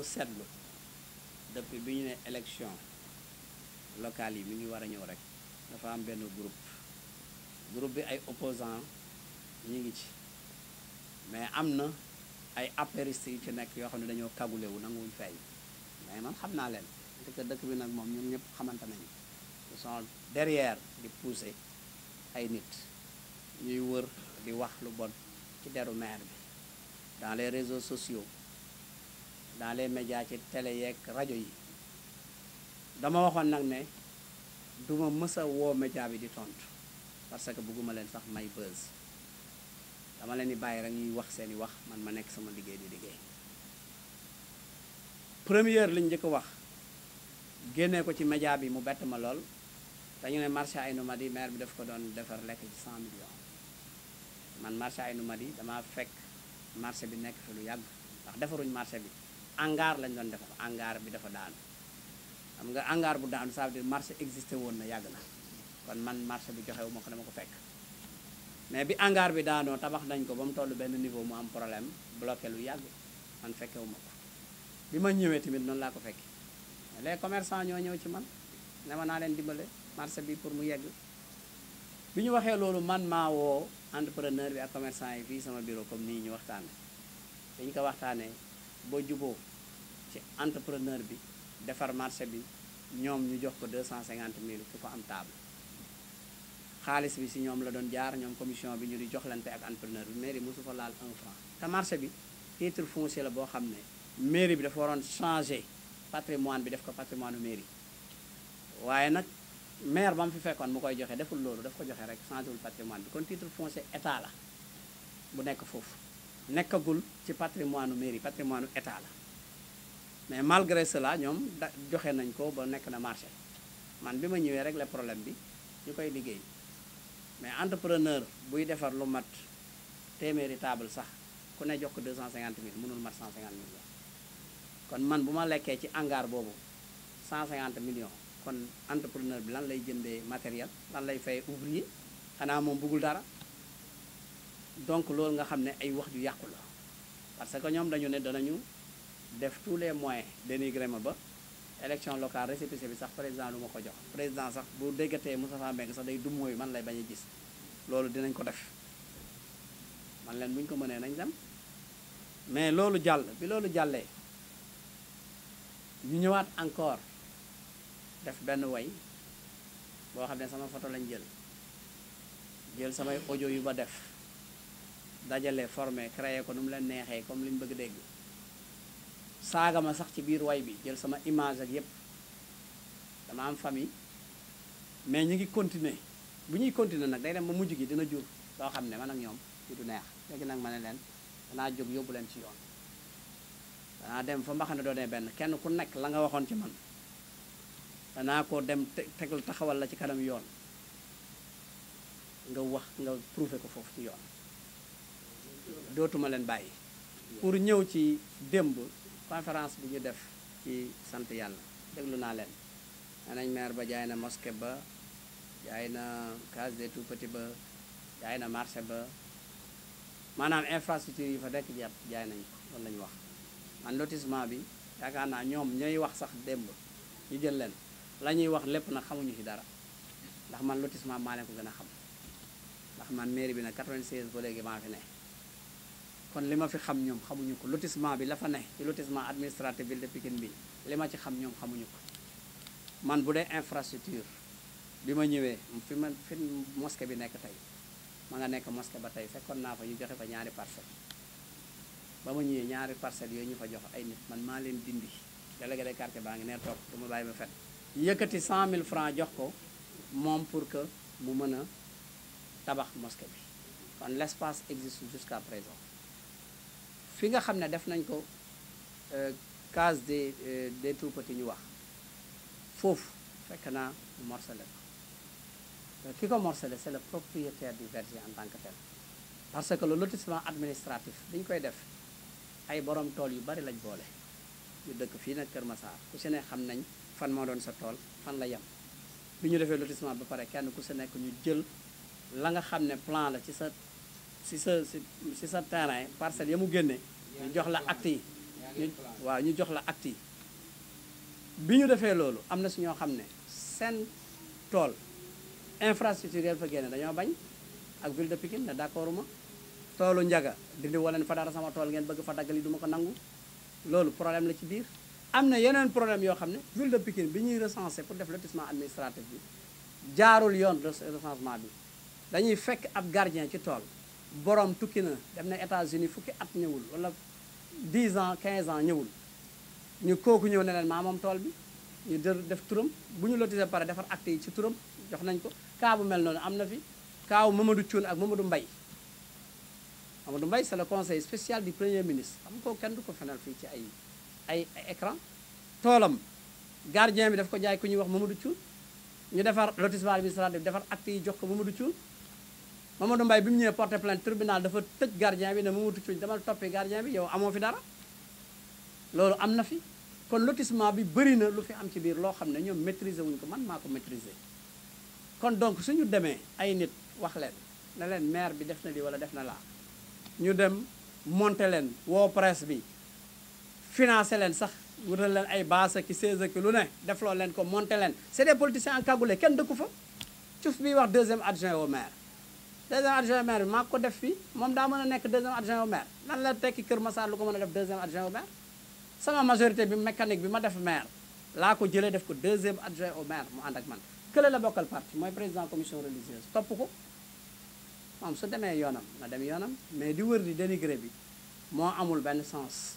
dañoo seetlu depuis bi ñu ne élection locale yi mu ngi war a ñëw rek dafa am benn groupe groupe bi ay opposants ñu ngi ci mais am na ay apéristes yu ci nekk yoo xam ne dañoo kagulewu nanguwuñ feeñ mais man xam naa leen parce que dëkk bi nag moom ñun ñëpp xamante nañu ils sont derrière di pousser ay nit ñuy wër di wax lu bon ci deru maire bi dans les réseaux sociaux dans les ci télé yeeg rajo yi dama waxoon nag ne du ma mës a woo média bi di tontu parce que bëgguma leen sax may buzz dama leen di bàyyi rek ñuy wax seeni wax man ma nekk sama liggéey di liggéey première liñ njëkk wax génnee ko ci média bi mu bett ma lool dañu ne marché ay nu di maire bi daf ko doon defar lekk ci 100 millions man marché ay nu madi damaa fekk marché bi nekk fi lu yàgg ndax defaruñ marché bi hangar lañ doon defar hangar bi dafa daanu xam nga hangar bu daanu ça veut dire marché existé woon na yàgg na kon man marché bi joxewu ma ko dama ko fekk mais bi hangar bi daanoo tabax nañ ko ba mu toll benn niveau mu am problème bloqué lu yàgg man fekkewu ma ko bi ma ñëwee tamit noonu laa ko fekki les commerçants ñoo ñëw ci man ne ma naa leen dimbale marché bi pour mu yegg bi ñu waxee loolu man maa woo entrepreneur bi ak commerçant yi fii sama bureau comme nii ñu waxtaane dañu ko waxtaanee bo jubo ci entrepreneur bi defar marché bi ñom ñu jox ko 250000 ku ko am table xaliss bi ci ñom la doon jaar ñom commission bi ñu di joxlante ak entrepreneur bi mairie musu fa laal 1 franc ta marché bi titre foncier la bo xamné mairie bi dafa waron changer patrimoine bi def ko patrimoine mairie waye nak maire bam fi fekkon mu koy joxe deful lolu daf ko joxe rek changer patrimoine bi kon titre foncier état la bu nek fofu nekkagul ci patrimoine mairie patrimoine état la mais malgré cela ñoom da joxe nañ ko ba nekk na marché man bi ma ñëwee rek le problème bi ñu koy liggéey mais entrepreneur buy defar lu mat téeméeri table sax ku ne jox ko 250 000 mënul mat 150 millions kon man bu ma lekkee ci hangar boobu 150 millions kon entrepreneur bi lan lay jëndee matériel lan lay fay ouvrier xanaa moom bëggul dara donc loolu nga xam ne ay wax ju yàqu la parce que ñoom dañu ne danañu def tous les moyens dénigré ma ba élection locale récépissé bi sax président du ma ko jox président sax bu déggatee Moustapha Mbengue sax day du mooy man lay bañ a gis loolu dinañ ko def man leen buñ ko mënee nañ dem mais loolu jàll bi loolu jàllee ñu ñëwaat encore def benn way boo xam ne sama photo lañ jël jël samay audio yu ba def dajale formé créé ko nu mu leen neexee comme li ñu bëgg dégg saaga ma sax ci biir way bi jël sama image ak yépp dama am famille mais ñu ngi continuer bu ñuy continuer nag day dem ba mujj gi dina jur loo xam ne man ak ñoom ci du neex léegi nag ma ne leen danaa jóg yóbbu leen ci yoon danaa dem fa mbaxane doonee benn kenn ku nekk la nga waxoon ci man danaa ko dem tegul taxawal la ci kanam yoon nga wax nga prouvé ko foofu ci yoon dootuma leen bàyyi pour ñëw ci démb conférence bi ñu def ci sant yàlla déglu naa leen nañ maire ba jaay na mosquée ba jaay na case des tout petits ba jaay na marché ba maanaam infrastructure yi fa dekk jàpp jaay nañ ko loolu la wax man lotissement bi yaakaar naa ñoom ñooy wax sax démb ñu jël leen la ñuy wax lépp nag xamuñu ci dara ndax man lotissement maa leen ko gën a xam ndax man mairie bi na nag 96 ba léegi maa fi ne kon li ma fi xam ñoom xamuñu ko lotissement bi la fa ne ci lotissement administratif ville de Pikine bi li ma ci xam ñoom xamuñu ko man bu dee infrastructure bi ma ñëwee fi ma fi mosquée bi nekk tey ma nga nekk mosquée ba tey fekkoon naa fa ñu joxe fa ñaari parcelle ba ma ñëwee ñaari parcelle yooyu ñu fa jox ay nit man maa leen dindi délégué de quartier baa ngi nee toog du ma bàyyi ma fen yëkkati mille francs jox ko moom pour que mu mën a tabax mosquée bi kon l' espace existe jusqu'à fi nga xam ne def nañ ko euh, case de des euh, tout petits ñu wax foofu fekk naa morcelé ko euh, ki ko morcelé c'est le propriétaire du verger en tant que tel parce que le lotissement administratif dañ koy def ay borom tool yu bari lañ boole ñu dëkk fii nag Kër Massar ku si ne xam nañ fan moo doon sa tool fan la yem bi ñu defee lotissement ba pare kenn ku si nekk ñu jël la nga xam ne plan la ci sa ci sa si sa terrain parcelle ya mu génne ñu jox la acte yi ñu waaw ñu jox la acte yi bi ñu defee loolu am na si ñoo xam ne seen tool infrastructure yel fa génne dañoo bañ ak ville de Pikine ne d'accord ma toolu njaga dindi waleen fa dara sama tool ngeen bëgg fa daggal yi du ma ko nangu loolu problème la ci biir am na yeneen problème yoo xam ne ville de Pikine bi ñuy recensé pour def lotissement administratif bi jaarul yoon recensement bi dañuy fekk ab gardien ci tool borom tukki na dem na États-Unis fukki at ñëwul wala 10 ans 15 ans ñëwul ñu kooku ñëw ne leen maa moom tool bi ñu dër def turam bu ñu lotise pare defar acte yi ci turam jox nañ ko kaa bu mel noonu am na fi kaaw Mamadou Thioune ak mbay Mbaye Mamadou mbay c'est le conseil spécial du premier ministre xam koo kenn du ko fenal fii ci ay ay écran toolam gardien bi daf ko jaay ku ñuy wax du Thioune ñu defar lotissement administratif defar acte yi jox ko Mamadou Thioune Mamadou Mbaye bi mu ñëwee porté plainte tribunal dafa tëj gardien bi ne Mamadou Cuuñ dama toppi gardien bi yow amoo fi dara loolu am na fi kon lotissement bi bëri na lu fi am ci biir loo xam ne ñoom maîtriser wuñ ko man maa ko maîtriser kon donc suñu demee ay nit wax leen ne leen maire bi def na lii wala def na laa ñu dem monter leen woo presse bi financer leen sax wutal leen ay bases ki 16 ki lu ne defloo leen ko monter leen c'est des politiciens encagoulés kenn dëkku fa cuf bi wax deuxième adjoint au maire deuxième adjoint au maire bi maa ko def fii moom daa mën a nekk deuxième adjoint au maire lan la tekki Kër Massar lu ko mën a def deuxième adjoint au maire sama majorité bi mécanique bi ma def maire laa ko jëlee def ko deuxième adjoint au maire mu ànd ak man kële la bokkal parti mooy président commission religieuse topp ko moom su demee yoonam na dem yoonam mais di wër di dénigré bi moo amul benn sens